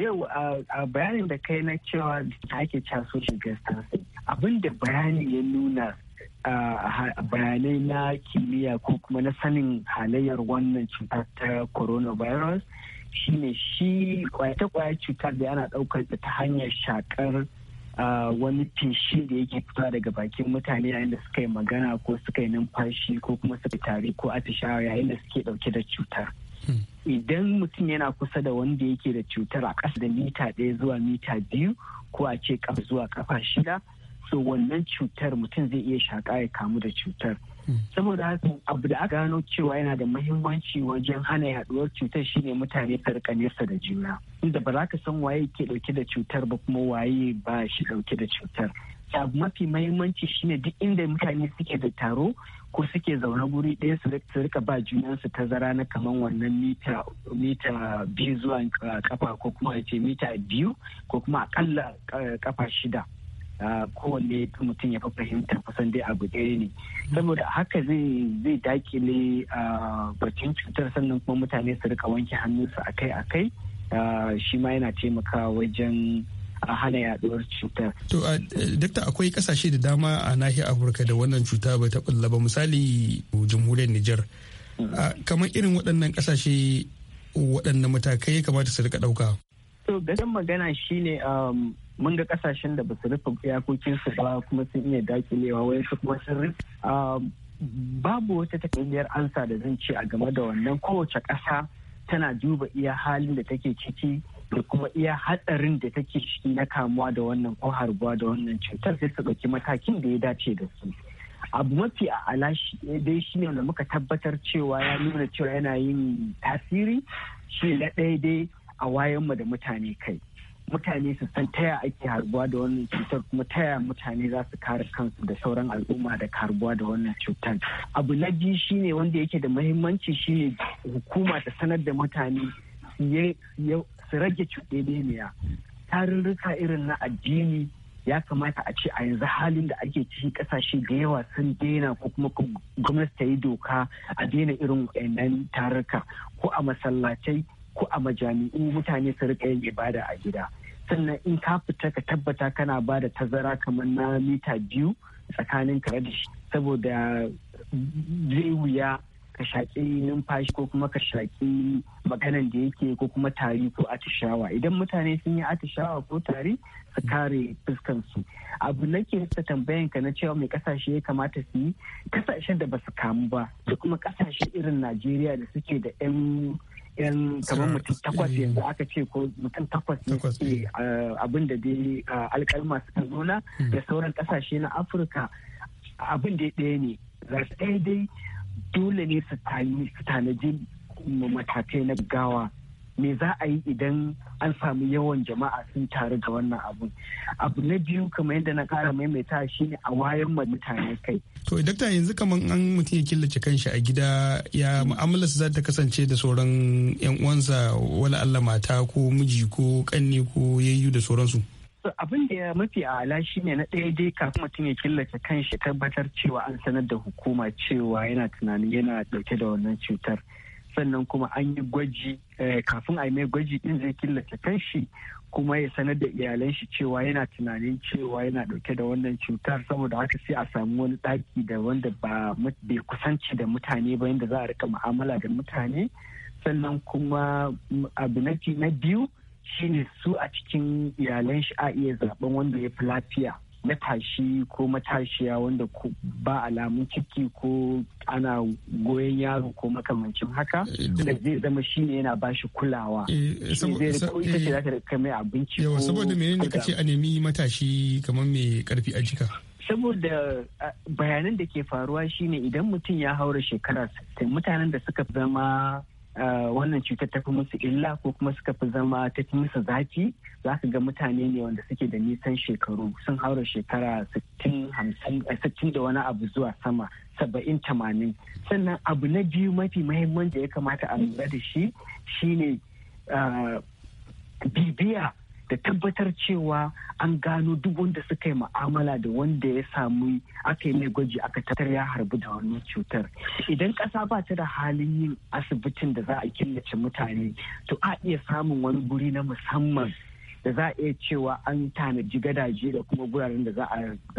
yau a bayanin da kai na cewa ake cewa social distancing abin da bayanin ya nuna bayanai na kimiyya ko kuma na sanin halayyar wannan cutar ta coronavirus shine shi ta kwayar cutar da yana daukar ta hanyar shakar wani feshi da yake fita daga bakin mutane yayin da suka yi magana ko suka yi numfashi ko kuma suka tari ko atishawa yayin da suke dauke da cutar idan mutum yana kusa da wanda yake da cutar a ƙasa da mita ɗaya zuwa mita biyu ko a ce zuwa kafa shida so wannan cutar mutum zai iya shaƙa ya kamu da cutar saboda haka abu da aka gano cewa yana da mahimmanci wajen hana yaduwar cutar shine mutane su rika nesa da juna inda ba za ka san waye ke dauke da cutar ba kuma waye ba shi dauke da cutar abu mafi mahimmanci shine duk inda mutane suke da taro ko suke zaune guri ɗaya su rika ba junansu tazara na kaman wannan mita mita biyu zuwa ah, kafa ko kuma ce mita biyu ko kuma akalla ah, kafa shida kowanne mutum ya fi fahimtar kusan dai abu ɗaya ne saboda haka zai dakile batun cutar sannan kuma mutane su rika wanke hannunsu akai-akai shi ma yana taimakawa wajen a hana yaduwar cutar. To, dakta akwai kasashe da dama a nahiyar Afirka da wannan cuta bai taɓa ba misali jamhuriyar Nijar. Mm. Kamar irin waɗannan kasashe waɗannan matakai ya kamata su rika ɗauka. To, gaskiyar magana shine um, mun ga kasashen da basu su rufe su ba kuma sun iya dakilewa wai su kuma sun rufe babu wata takardiyar ansa da zan ce a game da wannan kowace ƙasa tana duba iya halin da take ciki da kuma iya hatsarin da take ciki na kamuwa da wannan ko harbuwa da wannan cutar sai su ɗauki matakin da ya dace da su abu mafi a alashi dai shi ne da muka tabbatar cewa ya nuna cewa yana yin tasiri shi na ɗaya dai a wayanmu da mutane kai mutane su san taya ake harbuwa da wannan cutar kuma taya mutane za su kare kansu da sauran al'umma da karbuwa da wannan cutar abu na biyu shine wanda yake da mahimmanci shine hukuma ta sanar da mutane su rage cuɗeɗeniya tarurruka irin na addini ya kamata a ce a yanzu halin da ake ciki kasashe da yawa sun daina ko kuma gwamnati ta yi doka a daina irin waɗannan tarurruka ko a masallatai ko a majami'u mutane su rika yin ibada a gida sannan in ka fita ka tabbata kana ba da tazara kamar na mita biyu tsakanin kare da shi saboda zai wuya ka shaƙi numfashi ko kuma ka shaƙi maganan da yake ko kuma tari ko atishawa idan mutane sun yi atishawa ko tari su kare fuskansu abu nake sa tambayan ka na cewa mai kasashe ya kamata su yi kasashen da ba su kamu ba da kuma kasashe irin najeriya da suke da 'yan yan kamar mutum takwas yanzu eh. aka ce ko mutum takwas ne suke eh. Eh, abin da dai alkalma suka zona hmm. da sauran ƙasashe na afirka abin da ɗaya ne za su ɗaya dai dole ne su tanaji matakai na gawa me za a yi idan an samu yawan jama'a sun taru ga wannan abun abu na biyu kamar yadda na kara maimaita shi ne a wayar ma mutane kai to dakta yanzu kamar an mutum ya killace kanshi a gida ya mu'amalarsa za ta kasance da sauran yan uwansa wala Allah mata ko miji ko kanne ko yayyu da sauransu abin da ya mafi ala shi ne na ɗaya dai kafin mutum ya killace kanshi tabbatar cewa an sanar da hukuma cewa yana tunanin yana ɗauke da wannan cutar sannan kuma an yi gwaji eh, kafin a yi mai gwaji din zai killace kanshi kuma ya sanar da iyalan shi cewa yana tunanin cewa yana dauke da wannan cutar saboda haka sai a samu wani daki da wanda ba bai kusanci da mutane ba yadda za a rika mu'amala da mutane sannan kuma mm, abu na biyu shine su a cikin iyalan shi a iya zaben wanda ya fi lafiya matashi ko matashiya wanda ba alamun ciki ko ana goyon yaro ko makamancin haka eh, da zai zama shi ne yana ba shi kulawa eh, eh, yawa saboda menene kace a nemi matashi kamar mai karfi a jika saboda bayanan da ke faruwa shine idan mutum ya haura shekara 60 mutanen da suka zama wannan cutar ta fi musu illa ko kuma suka fi zama ta fi musu zafi za ka ga mutane ne wanda suke da nisan shekaru sun haura shekara 60 eh, da wani abu zuwa sama saba'in tamanin sannan abu na biyu mafi mahimmanci da ya kamata a lura da shi shine bibiya da tabbatar cewa an gano duk wanda suka yi ma'amala da wanda ya samu aka yi mai gwaji aka tattar ya harbi da wani cutar idan ƙasa ba ta da halin yin asibitin da za a killace mutane to a iya samun wani guri na musamman da za a iya cewa an tanaji gadaje da kuma guraren da za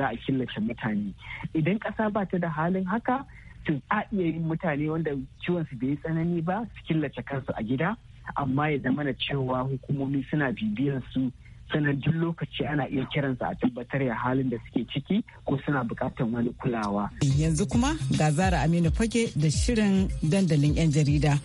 a killace mutane idan kasa ba ta da halin haka to a iya yin mutane wanda ciwon su bai tsanani ba su killace kansu a gida amma ya zama da cewa hukumomi suna bibiyar su sanar duk lokaci ana iya kiransa a tabbatar ya halin da suke ciki ko suna bukatar wani kulawa. Yanzu kuma ga Zara Aminu Fage da shirin dandalin 'yan jarida.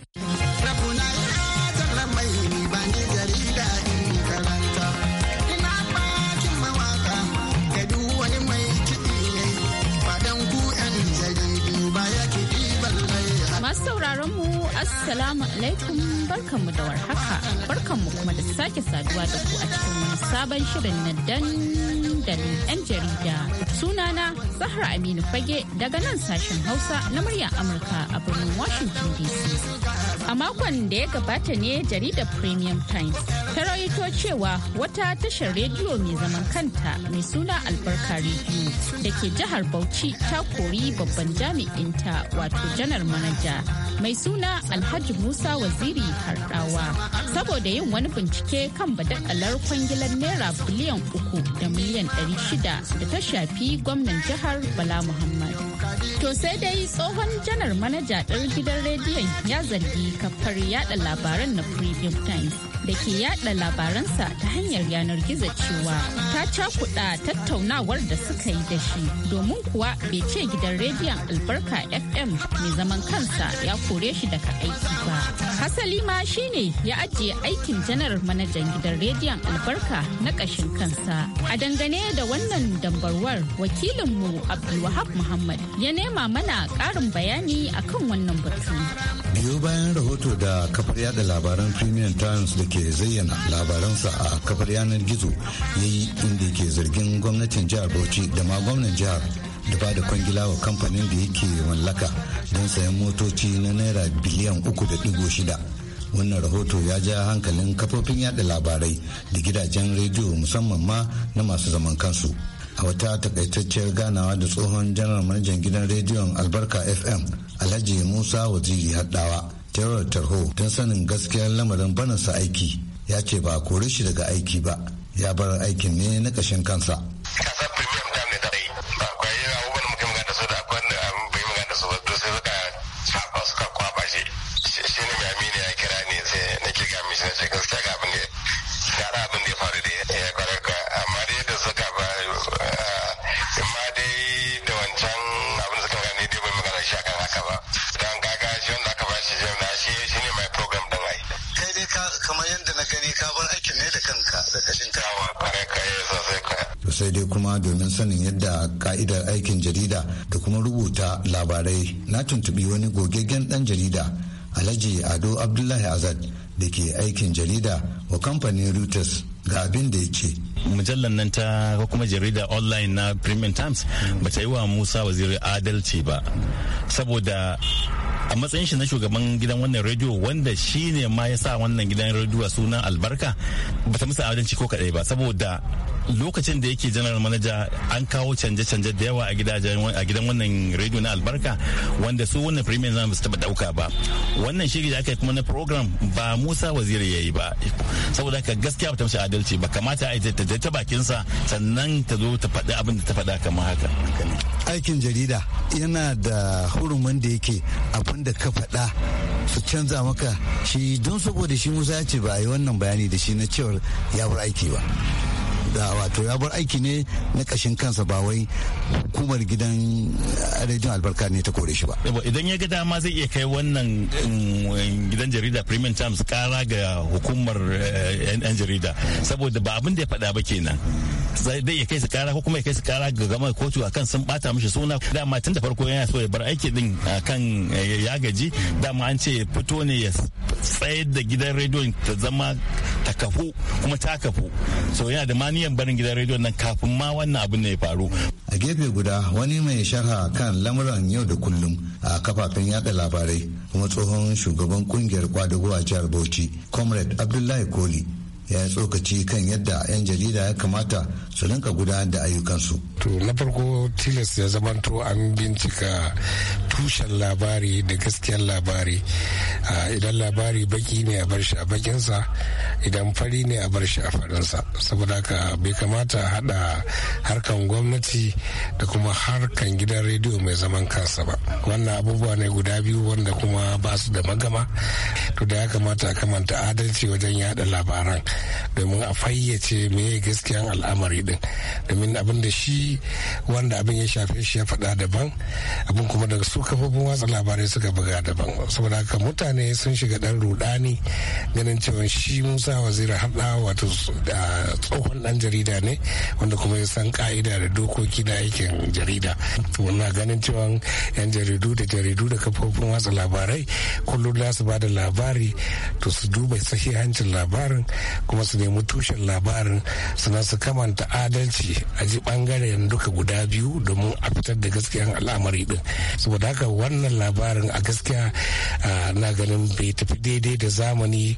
Masu sauraron mu Assalamu alaikum barkanmu da warhaka barkanmu kuma da sake saduwa da ku a cikin sabon shirin na dandalin 'yan jarida. Sunana Zahra Aminu Fage daga nan sashen Hausa na muryar Amurka a birnin Washington DC. A makon da ya gabata ne jaridar Premium Times ta rawaito cewa wata tashar rediyo mai zaman kanta mai suna albarka rediyo da ke jihar bauchi ta kori babban jami'inta wato janar manaja mai suna alhaji musa waziri harɗawa saboda yin wani bincike kan badakalar kwangilar naira biliyan uku da miliyan ɗari shida da ta shafi gwamnan jihar bala muhammad To sai dai tsohon janar manaja ɗar gidan rediyon ya zargi kafar yada labaran na Premium Times da ke yada labaransa ta hanyar yanar gizo cewa ta cakuɗa tattaunawar da suka yi da shi domin kuwa bai ce gidan rediyon albarka FM mai zaman kansa ya kore shi daga aiki ba. Hasali ma shine ya ajiye aikin janar manajan gidan rediyon albarka na ƙashin kansa. A dangane da wannan dambarwar wakilinmu Abdulwahab Muhammad ya ya nema mana ƙarin bayani akan wannan batu. biyo bayan rahoto da kafar yada labaran premium times da ke zayyana labaransa a kafar yanar gizo ya yi inda ke zargin gwamnatin jihar bauchi da ma gwamnan jihar da ba da kwangila wa kamfanin da yake mallaka don sayan motoci na naira biliyan uku da digo shida wannan rahoto ya ja hankalin kafofin yada labarai da gidajen rediyo musamman ma na masu zaman kansu a wata takaitacciyar ganawa da tsohon janar manajan gidan rediyon albarka fm alhaji musa waziri haddawa terror tarho don sanin gaskiyar lamarin banansa aiki ya ce ba kore shi daga aiki ba ya bar aikin ne na ƙashin kansa kuma domin sanin yadda ka'idar aikin jarida da kuma rubuta labarai na tuntubi wani gogeggen dan jarida alhaji ado abdullahi azad da ke aikin jarida wa kamfanin reuters ga abin da yake mujallar nan ta ko kuma jarida online na premium times hmm. ba ta yi wa musa waziri adalci ba saboda a matsayin shi na shugaban gidan wannan rediyo wanda shi ne ma ya sa wannan gidan rediyo suna albarka ba ta musa adalci ko kadai ba saboda lokacin da yake general manager an kawo canje-canje da yawa a gidajen a gidan wannan radio na albarka wanda su wannan premier zan su taba dauka ba wannan shiri da aka yi kuma na program ba Musa Waziri yi ba saboda ka gaskiya ta mashi adalci ba kamata a yi ta ta bakin sa sannan ta zo ta faɗi abin da ta faɗa kamar haka aikin jarida yana da hurumin da yake abin da ka faɗa su canza maka shi don saboda shi Musa ya ce ba a yi wannan bayani da shi na cewar ya bar aiki ba da wato ya bar aiki ne na kashin kansa ba wai hukumar gidan rediyon albarka ne ta kore shi ba idan ya ga dama zai iya kai wannan mm, gidan jarida premium times kara ga hukumar eh, yan jarida saboda ba abin da ya fada ba kenan zai iya kai su kara ko kuma ya kai su kara ga gama kotu akan sun bata mishi suna dama tun da farko yana so ya bar aiki din akan eh, ya gaji dama an ce fito ne ya tsayar da gidan rediyon ta zama ta kafu kuma ta kafu so yana da maniyan barin gidan rediyo nan kafin ma wannan abin ne ya faru a gefe guda wani mai sharha kan lamuran yau da kullum a kafafen yada labarai kuma tsohon shugaban kungiyar kwadago a jihar bauchi comrade abdullahi koli ya tsokaci kan yadda 'yan jarida ya kamata su rinka gudanar da ayyukansu. To na farko tilas ya zamanto an bincika tushen labari da gaskiyar labari. Idan labari baki ne a bar shi a bakinsa, idan fari ne a bar shi a farinsa. Saboda haka bai kamata haɗa harkan gwamnati da kuma harkan gidan rediyo mai zaman kansa ba. Wannan abubuwa ne guda biyu wanda kuma ba su da magama. To da ya kamata a kamanta adalci wajen yada labaran. domin a fayyace meye gaskiyan al'amari din domin abin da shi wanda abin ya shafe shi ya faɗa daban abin kuma daga su kafofin watsa labarai suka buga daban saboda haka mutane sun shiga dan rudani ganin cewa shi musa wazira hada wato tsohon dan jarida ne wanda kuma ya san ka'ida da dokoki da aikin jarida Wannan ganin cewa yan jaridu da jaridu da kafofin watsa labarai kullum za su ba da labari to su duba sahihancin labarin kuma su nemi tushen labarin sannan su kamanta adalci a ji bangaren duka guda biyu domin a fitar da gaskiyan al'amari din saboda haka wannan labarin a gaskiya na ganin bai tafi daidai da zamani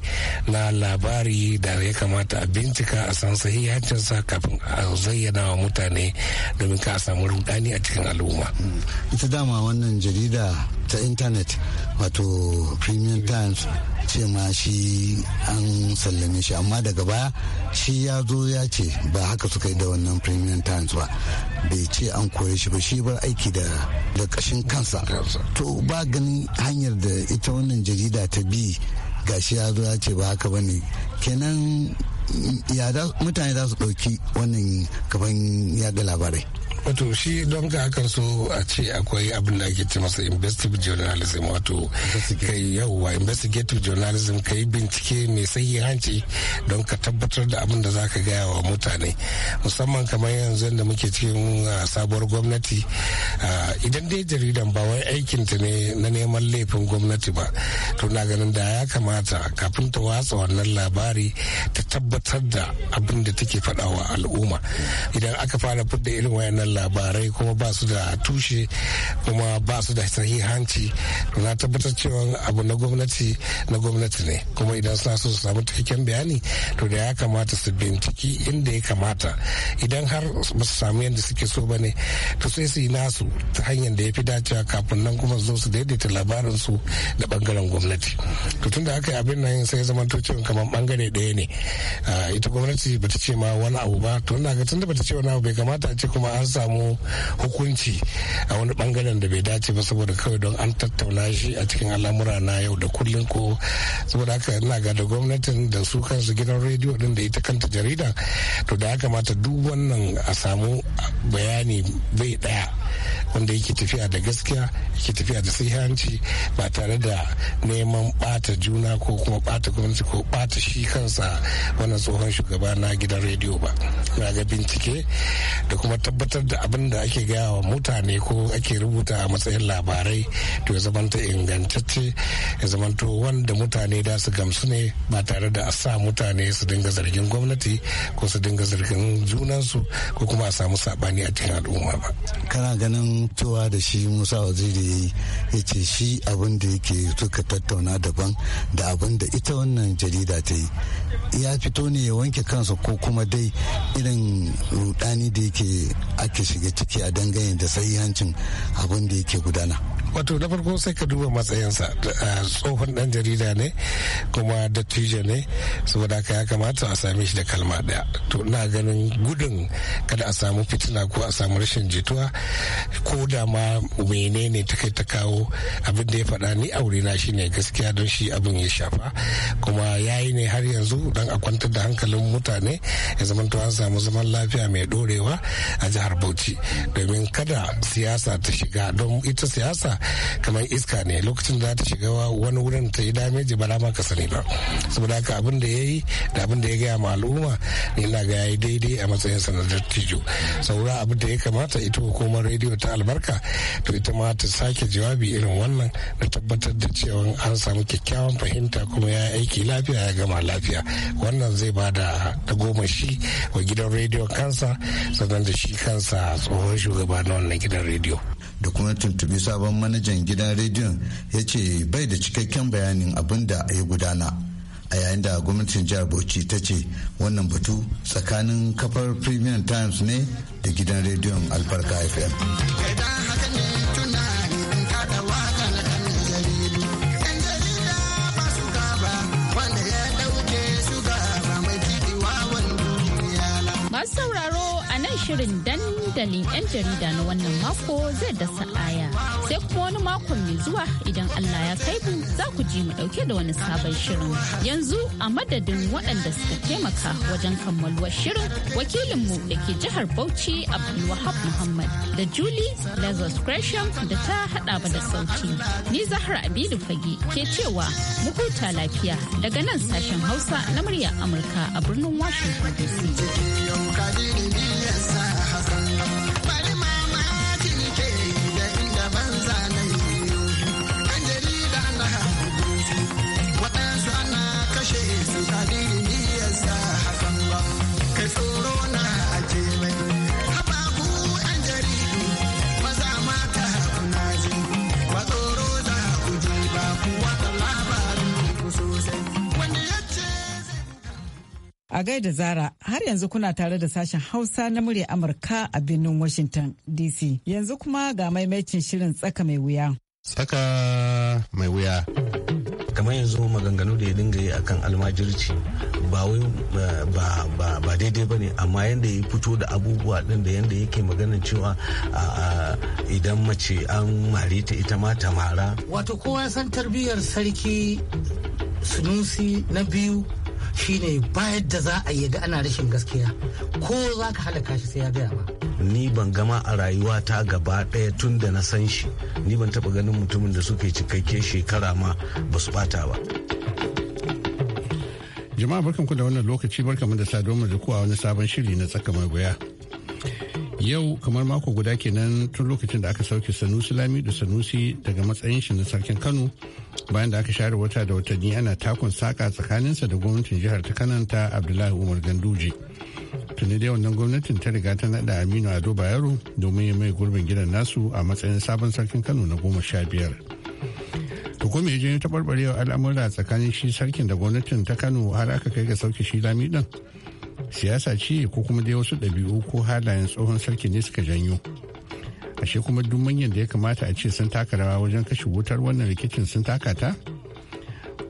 na labari da ya kamata a bincika a san sahihancinsa kafin a zayyana wa mutane domin ka samu rudani a cikin al'umma hmm. ita dama wannan jarida ta intanet wato premium times ce ma shi an sallame shi amma daga baya shi ya zo ya ce ba haka suka yi da wannan premium times ba bai ce an kore shi ba shi bar aiki da da kansa to ba ganin hanyar da ita wannan jarida ta bi ga shi ya zo ya ce ba haka bane kenan mutane za su ɗauki wannan kaban yaga labarai wato shi don ka akan so a ce akwai abin da ake ce masa investigative journalism wato kai yauwa investigative journalism ka yi bincike mai sahihanci don ka tabbatar da abin da za ka gaya wa mutane musamman kamar yanzu da muke cikin ah, sabuwar gwamnati ah, idan dai jaridan ba wai aikin ta ne na neman laifin gwamnati ba to na ganin da ya kamata kafin ta watsa wannan labari ta tabbatar da abin da take faɗawa al'umma idan aka fara da irin wayannan labarai kuma ba su da tushe kuma ba su da sahihanci na tabbatar cewa abu na gwamnati na gwamnati ne kuma idan suna so su samu cikakken bayani to da ya kamata su binciki inda ya kamata idan har ba su samu yadda suke so ba ne to sai su yi nasu ta hanyar da ya fi dacewa kafin nan kuma zo su daidaita labarin su da bangaren gwamnati to tun da aka yi abin nan sai zaman to cewa kamar bangare ɗaya ne ah, ita gwamnati ba ta ce ma wani abu ba to ina ga tun da ba ta ce wani abu bai kamata a ce kuma an sa samu hukunci a wani bangaren da bai dace ba saboda kawai don an tattauna shi a cikin al'amura na yau da kullum ko saboda haka ina ga da gwamnatin da su kansu gidan rediyo din da ita kanta jarida to da ya kamata duk wannan a samu bayani bai daya wanda yake tafiya da gaskiya yake tafiya da sahihanci ba tare da neman bata juna ko kuma bata gwamnati ko bata shi kansa wannan tsohon shugaba na gidan rediyo ba na ga bincike da kuma tabbatar da abin da ake gaya wa mutane ko ake rubuta a matsayin labarai to ya zamanta ingantacce ya zamanto wanda mutane da su gamsu ne ba tare da a sa mutane su dinga zargin gwamnati ko su dinga zargin junansu ko kuma a samu sabani a cikin al'umma ba. ganin cewa da shi musa waziri ya ce shi abin da yake suka tattauna daban da abin da ita wannan jarida ta yi ya fito ne ya wanke kansa ko kuma dai irin rudani da yake ake shiga ciki a dangane da sahihancin abin da yake gudana wato na farko sai ka duba matsayinsa tsohon dan jarida ne kuma dattijo ne saboda haka ya kamata a same shi da kalma daya to na ganin gudun kada a samu fitina ko a samu rashin jituwa ko da ma menene ta kai ta kawo abin da ya faɗa ni aure na shi ne gaskiya don shi abin ya shafa kuma ya yi ne har yanzu don a kwantar da hankalin mutane ya zama an samu zaman lafiya mai dorewa a jihar bauchi domin kada siyasa ta shiga don ita siyasa kamar iska ne lokacin da ta shiga wani wurin ta yi dameji ba ma ka sani ba saboda haka abin da ya yi da abin da ya gaya ma al'umma ne na ga ya daidai a matsayin sanadar tijo saura abin da ya kamata ita hukumar rediyo ta albarka to ita ma ta sake jawabi irin wannan na tabbatar da cewa an samu kyakkyawan fahimta kuma ya aiki lafiya ya gama lafiya wannan zai ba da shi wa gidan rediyo kansa sannan da shi kansa tsohon shugaba na wannan gidan rediyo da kuma tuntubi sabon manajan gidan rediyon ya ce bai da cikakken bayanin abin da ya gudana a yayin da gwamnatin jihar bauchi ta ce wannan batu tsakanin kafar premium times ne da gidan rediyon alfarka fm sauraro a nan shirin dan dandalin 'yan jarida na wannan mako zai da sa'aya. Sai kuma wani mako mai zuwa idan Allah ya kai mu za ku ji mu dauke da wani sabon shirin. Yanzu a madadin waɗanda suka taimaka wajen kammaluwar shirin wakilinmu da ke jihar Bauchi Abdulwahab Muhammad da Julie Lazarus Gresham da ta hada ba da sauti. Ni Zahra Abidu Fage ke cewa mu huta lafiya daga nan sashen Hausa na murya Amurka a birnin Washington DC. A da Zara har yanzu kuna tare da sashen Hausa na murya Amurka a birnin Washington DC. Yanzu kuma ga maimacin shirin tsaka mai wuya. Tsaka mai wuya. Kamar yanzu maganganu da ya dinga yi akan almajirci ba ba daidai ba ne amma yadda ya fito da abubuwa din da yadda yake maganin cewa idan mace an mare ta ita ma ta mara. Wato kowa san tarbiyyar sarki sunusi na biyu shine bayar da za a yi ana rashin gaskiya ko za ka halaka shi sai ya gaya ma ni ban gama a rayuwa ta gaba ɗaya tun da na san shi ni ban taɓa ganin mutumin da suke cikakke shekara ma ba su ɓata ba jama'a barkanku da wannan lokaci barkanmu da sadon da kuwa wani sabon shiri na tsaka mai goya yau kamar mako guda kenan tun lokacin da aka sauke sanusi lamidu sanusi daga matsayin shi na sarkin kano bayan da aka share wata da watanni ana takun saka tsakaninsa da gwamnatin jihar ta kananta abdullahi umar ganduje tuni da wannan gwamnatin ta riga ta nada aminu ado bayero domin ya mai gurbin gidan nasu a matsayin sabon sarkin kano na goma sha biyar to kuma ya je ta al'amura tsakanin shi sarkin da gwamnatin ta kano har aka kai ga sauke shi lami din siyasa ce ko kuma dai wasu ɗabi'u ko halayen tsohon sarki ne suka janyo ashe kuma duk manyan da ya kamata a ce sun taka rawa wajen kashe wutar wannan rikicin sun taka ta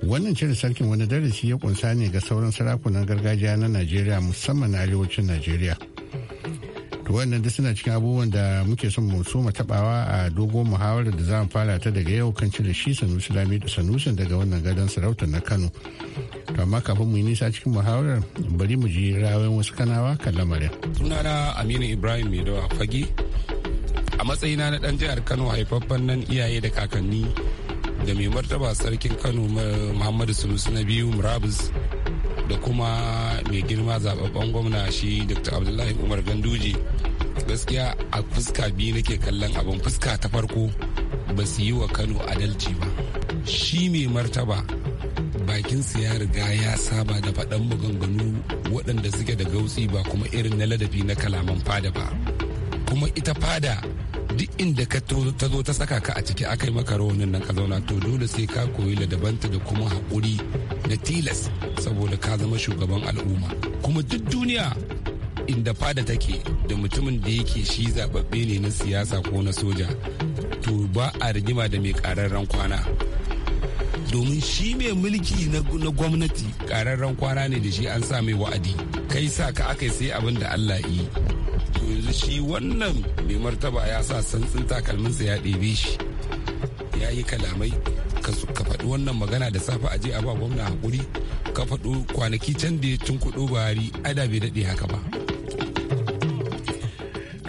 wannan cire sarkin wani darasi ya kunsa ne ga sauran sarakunan gargajiya na najeriya musamman na arewacin najeriya to wannan duk suna cikin abubuwan da muke son mu so tabawa a dogo muhawarar da za mu fara ta daga yau kan cire shi sanusi lami da sanusi daga wannan gadon sarautar na kano to amma kafin mu yi nisa cikin muhawarar bari mu ji rawayin wasu kanawa kan lamarin sunana aminu ibrahim mai dawa fage a matsayina na dan jihar kano haifaffen nan iyaye da kakanni da mai martaba sarkin kano muhammadu sunusu na biyu murabus da kuma mai girma zababben gwamna shi dr abdullahi umar ganduje gaskiya a fuska biyu nake kallon abin fuska ta farko ba su yi wa kano adalci ba shi mai martaba bakinsu ya riga ya saba da faɗan maganganu waɗanda suke da gautsi ba kuma irin na ladabi na kalaman fada ba kuma ita fada duk inda ka ta zo ta saka ka a ciki aka yi maka rawanin nan ka zauna to dole sai ka koyi ladabanta da kuma haƙuri na tilas saboda ka zama shugaban al'umma kuma duk duniya inda fada take da mutumin da yake shi zababbe ne na siyasa ko na soja to ba a rigima da mai ƙararren kwana domin shi mai mulki na gwamnati ƙararren kwana ne da shi an sa mai wa'adi kai sa ka aka sai abin da allah yi to yanzu shi wannan mai martaba ya sa santsin takalminsa ya ɗebe shi ya yi kalamai ka faɗi wannan magana da safe a je a ba gwamna hakuri ka faɗo kwanaki can da ya cin kuɗo buhari ada bai daɗe haka ba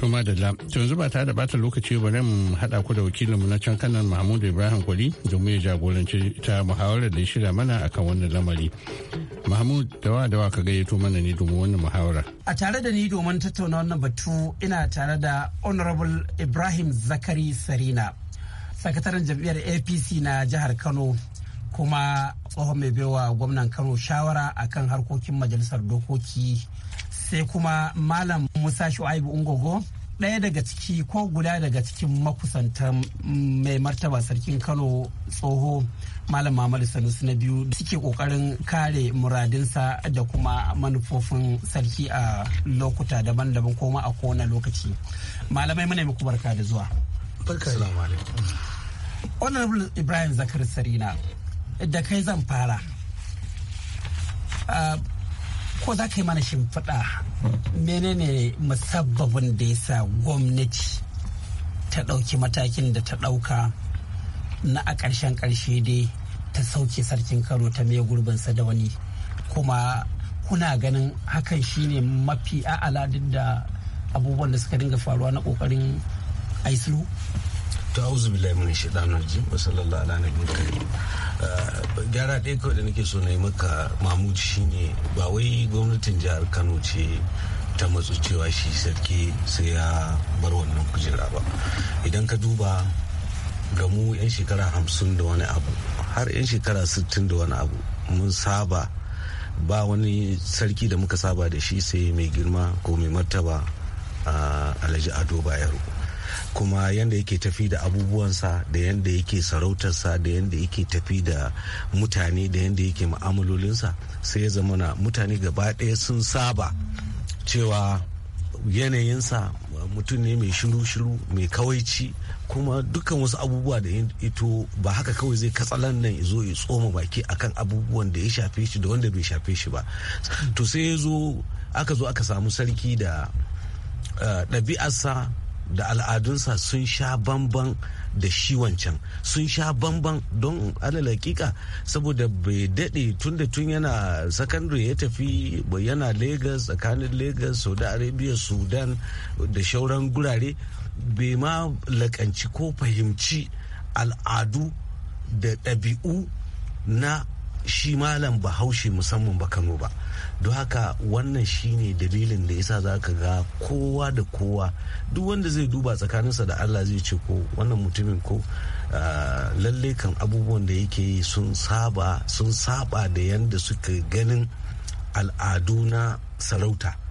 To da to yanzu ba ta da bata lokaci bari mu haɗa ku da wakilinmu na can kanan Mahmud Ibrahim Kwali domin ya jagoranci ta muhawarar da ya shirya mana akan wannan lamari. Mahmud dawa dawa ka gayyato mana ne domin wannan muhawara. A tare da ni domin tattauna wannan batu ina tare da Honorable Ibrahim Zakari Sarina, sakataren jam'iyyar APC na jihar Kano kuma tsohon mai baiwa gwamnan Kano shawara akan harkokin majalisar dokoki sai kuma malam musa shu'aibu ungogo ɗaya daga ciki ko guda daga cikin makusantan mai martaba sarkin kano tsoho malam mamadu sanusi na biyu suke kokarin kare muradinsa da kuma manufofin sarki a lokuta daban-daban koma a kowane lokaci malamai muna muku barka da zuwa honorable ibrahim zakar sarina da kai zan fara ah, ko za ka yi mana shimfiɗa menene musabbabin da ya sa gwamnati ta ɗauki matakin da ta ɗauka na a ƙarshen ƙarshe dai ta sauke sarkin Kano ta mai gurbinsa da wani kuma kuna ganin hakan shine mafi a'ala duk da abubuwan da suka dinga faruwa na ƙoƙarin aislu ta'uzu billahi min shaitanir rajim wa sallallahu ala nabiyil karim uh, gyara ɗaya kawai da nake so na yi maka mahmud shine ba wai gwamnatin jihar kano ce ta matsu cewa shi sarki sai ya bar wannan kujera ba idan ka duba ga mu 'yan shekara hamsin da wani abu har 'yan shekara sittin da wani abu mun saba ba wani sarki da muka saba da shi sai mai girma ko mai martaba a uh, alhaji ado bayero kuma yadda yake tafi da abubuwansa da yadda yake sarautarsa da yadda yake tafi da mutane da yadda yake ma'amalolinsa sai ya zama na mutane gaba ɗaya sun saba cewa yanayinsa mutum ne mai shiru-shiru mai kawaici kuma dukkan wasu abubuwa da ito ba haka kawai zai katsalan nan zo ya tsoma baki akan abubuwan da ya shafe shi da wanda bai shafe shi ba to sai ya zo aka zo aka samu sarki da eh, ɗabi'arsa da al'adunsa sun sha bamban da shi wancan sun sha bamban don alal hakika saboda bai daɗe tun da tun yana secondary ya tafi yana lagos tsakanin lagos saudi arabia sudan da shauran gurare bai ma lakanci ko fahimci al'adu da ɗabi'u na shi malam bahaushe musamman ba kano ba don haka wannan shine dalilin da yasa za ka ga kowa da kowa duk wanda zai duba tsakaninsa da allah zai ce ko wannan mutumin ko ah, lalle kan abubuwan da yake yi sun saba sun saba da yadda suka ganin al'adu na sarauta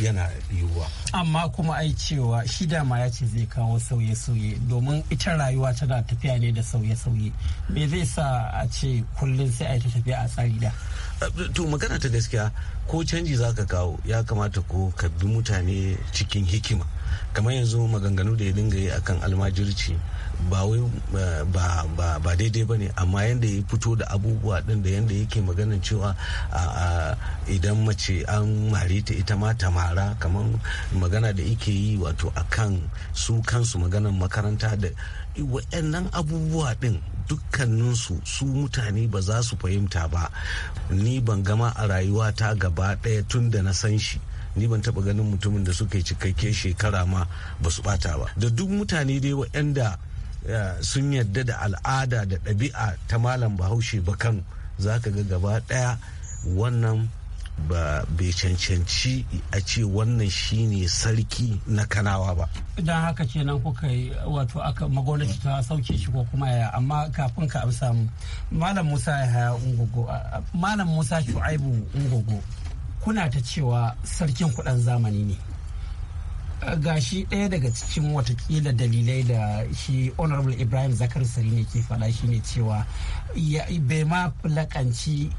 yana yiwuwa amma kuma ai cewa shi dama ya ce zai kawo sauye-sauye domin ita rayuwa tana tafiya ne da sauye-sauye me zai sa a ce kullum sai a yi ta tafiya a tsari da to magana ta gaskiya ko canji za ka kawo ya kamata ko ka bi mutane cikin hikima kamar yanzu maganganu da ya dinga yi akan almajirci ba wai ba daidai ba ne amma yadda ya fito da abubuwa din da yadda yake maganin cewa idan mace an mare ta ita ma ta mara kamar magana da yake yi wato a kan su kansu maganan makaranta da waɗannan abubuwa din dukkaninsu su mutane ba za su fahimta ba ni ban gama a rayuwa ta gaba ɗaya tun da na san shi ni ban taba ganin mutumin da suka yi cikakke shekara ma ba su bata ba da duk mutane dai waɗanda sun yadda da al'ada da ɗabi'a ta malam bahaushe ba kan za ka ga gaba ɗaya wannan ba bai cancanci a ce wannan shine sarki na kanawa ba. Idan haka ce nan kuka yi wato aka magwamnati ta sauke shi ko kuma ya amma kafin ka amsa Malam Musa ya haya ungogo Malam Musa Shu'aibu ungogo kuna ta cewa sarkin kuɗan zamani ne. gashi ɗaya daga cikin watakila dalilai da shi honorable ibrahim zakar sari ne ke faɗa shi ne cewa bai ma lakanci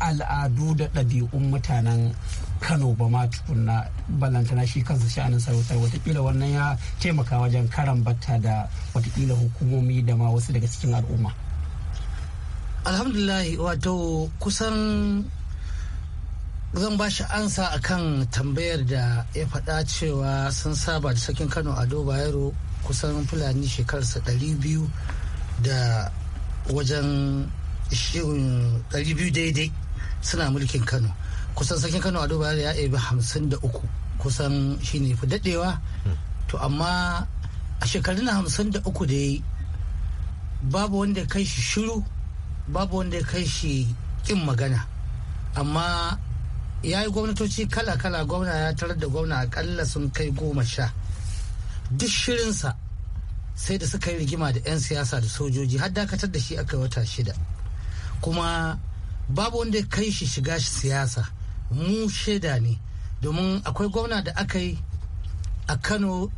al'adu da ɗabi'un mutanen kano ba ma tukunna balantana shi kansa sha'anin sarautar watakila wannan ya taimaka wajen karan batta da watakila hukumomi da ma wasu daga cikin al'umma alhamdulillah wato kusan zan ba shi ansa a kan tambayar da ya faɗa cewa sun saba da sakin kano a bayero kusan fulani shekararsa ɗari biyu da wajen ɗari biyu daidai suna mulkin kano kusan sakin kano a bayero ya ebi hamsin da uku kusan shine fi daɗewa to amma a shekarun hamsin da uku da yi babu wanda ya kai shi shiru babu wanda ya kai shi kin magana amma ya yi gwamnatoci kala-kala gwamna ya tarar da gwamna akalla sun kai goma sha duk shirinsa sai da suka yi rigima da 'yan siyasa da sojoji har dakatar da shi aka yi wata shida kuma babu wanda ya kai shi shiga siyasa mu shaida ne domin akwai gwamna da aka yi a kano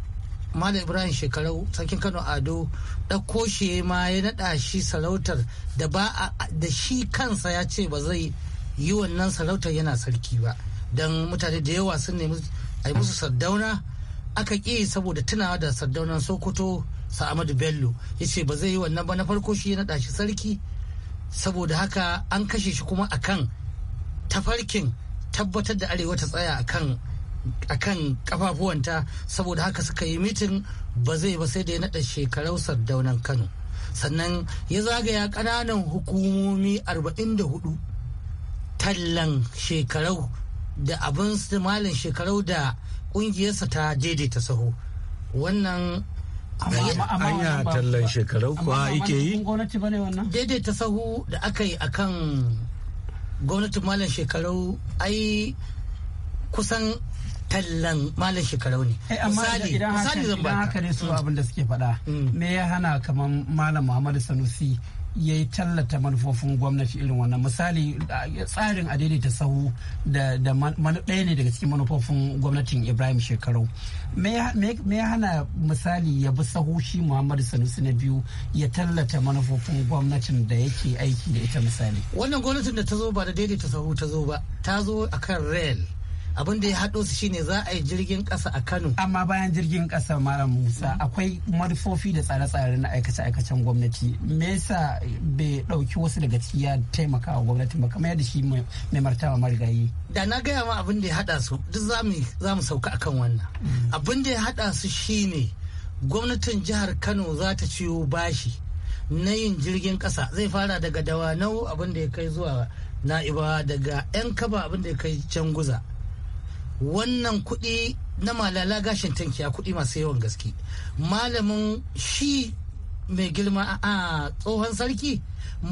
malam ibrahim shekarau sarkin kano ado ɗauko shi ma ya naɗa shi sarautar da da shi kansa ya ce ba zai yi wannan sarautar yana sarki ba don mutane da yawa sun nemi a yi musu sardauna aka ƙi saboda tunawa da sardaunan sokoto sa'amadu bello ya ce ba zai yi wannan ba na farko shi ya naɗa shi sarki saboda haka an kashe shi kuma akan tafarkin tabbatar da arewa ta tsaya akan akan kafafuwanta saboda haka suka yi mitin ba zai ba sai da ya naɗa shekarau sardaunan kano sannan ya zagaya ƙananan hukumomi 44 tallan shekarau da abin malin shekarau da kungiyarsa ta daidaita saho wannan anya tallan shekarau kuwa ike yi daidaita sahu da aka yi akan gwamnatin malam shekarau ai kusan tallan malam shekarau ne eh, misali misali zan ba haka ne su abin da suke faɗa mm. me ya hana kamar malam muhammadu sanusi ya yi tallata manufofin gwamnati irin wannan misali tsarin a daidaita sahu da ɗaya ne daga cikin manufofin gwamnatin ibrahim shekaru me ya hana misali ya bi sahu shi muhammadu sanusi na biyu ya tallata manufofin gwamnatin da yake aiki da ita misali wannan gwamnatin da ta zo ba da daidaita sahu ta zo ba ta zo akan rail abin da ya haɗo su shine za a yi jirgin ƙasa a Kano. Amma bayan jirgin ƙasa Malam Musa mm. akwai marfofi da tsare-tsare na aikace-aikacen gwamnati. Me yasa bai ɗauki wasu daga ciki ya taimaka wa gwamnati ba kamar yadda shi mai martaba marigayi. Da na gaya ma abin da ya haɗa su duk za mu sauka akan wannan. Mm. Abin da ya haɗa su shine gwamnatin jihar Kano za ta ciwo bashi na yin jirgin ƙasa zai fara daga dawanau abin da ya kai zuwa na'iba daga 'yan kaba abin da ya kai can guza wannan kuɗi na malala gashin tankiya kuɗi masu yawan gaske malamin shi mai girma a tsohon sarki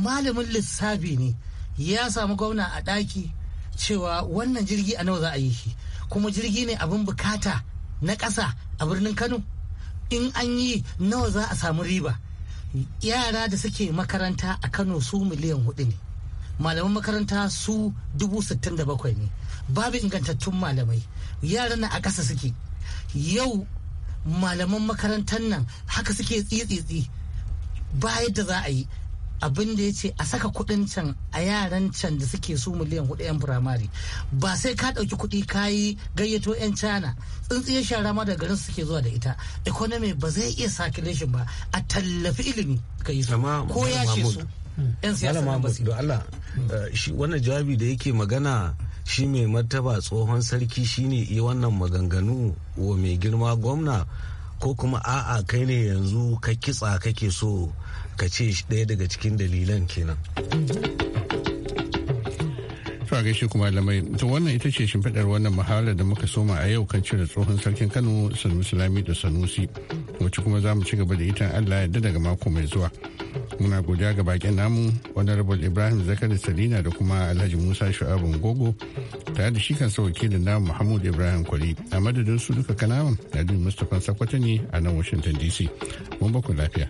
malamin lissafi ne ya samu gwamna a ɗaki cewa wannan jirgi a nawa za a yi shi kuma jirgi ne abin bukata na ƙasa a birnin kano in an yi nawa za a samu riba yara da suke makaranta a kano su miliyan hudu ne malaman makaranta su dubu sittin da bakwai ne babu ingantattun malamai yaran na a ƙasa suke yau malaman makarantar nan haka suke tsitsitsi ba da za a yi abin da ya ce a saka kudin can a yaran can da suke su miliyan hudu yan firamare ba sai ka dauki kudi yi gayyato yan china tsintsiyar shara ma da garin suke zuwa da ita economy ba zai iya circulation ba a tallafi ilimi ka yi su ko ya ce su yan siyasa na basi. Hmm. Eh, wannan jawabi da yake magana shi mai martaba tsohon sarki shine iya wannan maganganu wa mai girma gwamna ko kuma a'a kai ne yanzu ka kitsa kake so ka ce ɗaya daga cikin dalilan kenan. a gaishe kuma lamai to wannan ita ce shimfiɗar wannan mahalar da muka soma a yau kan cire tsohon sarkin kano sanusi lami da sanusi wacce kuma za mu ci gaba da ita allah yadda daga mako mai zuwa muna godiya ga bakin namu honorable ibrahim zakari salina da kuma alhaji musa shu'abun gogo tare da shi kan kansa wakilin namu muhammadu ibrahim kwari a madadin su duka kanawan nadi mustapha sakwata ne a nan washington dc mun baku lafiya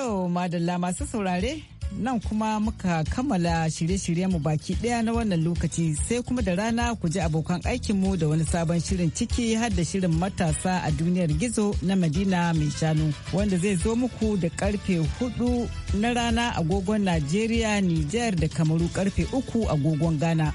To, madalla masu saurare, nan kuma muka kammala shirye-shiryenmu baki ɗaya na wannan lokaci sai kuma da rana ku ji abokan aikinmu da wani sabon shirin ciki har da shirin matasa a duniyar gizo na madina mai shanu wanda zai zo muku da karfe hudu na rana agogon najeriya niger da kamaru karfe uku agogon ghana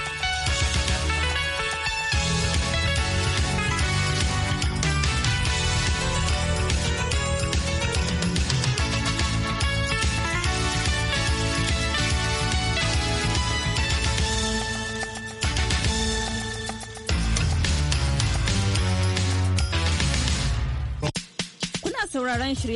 sauraron shirye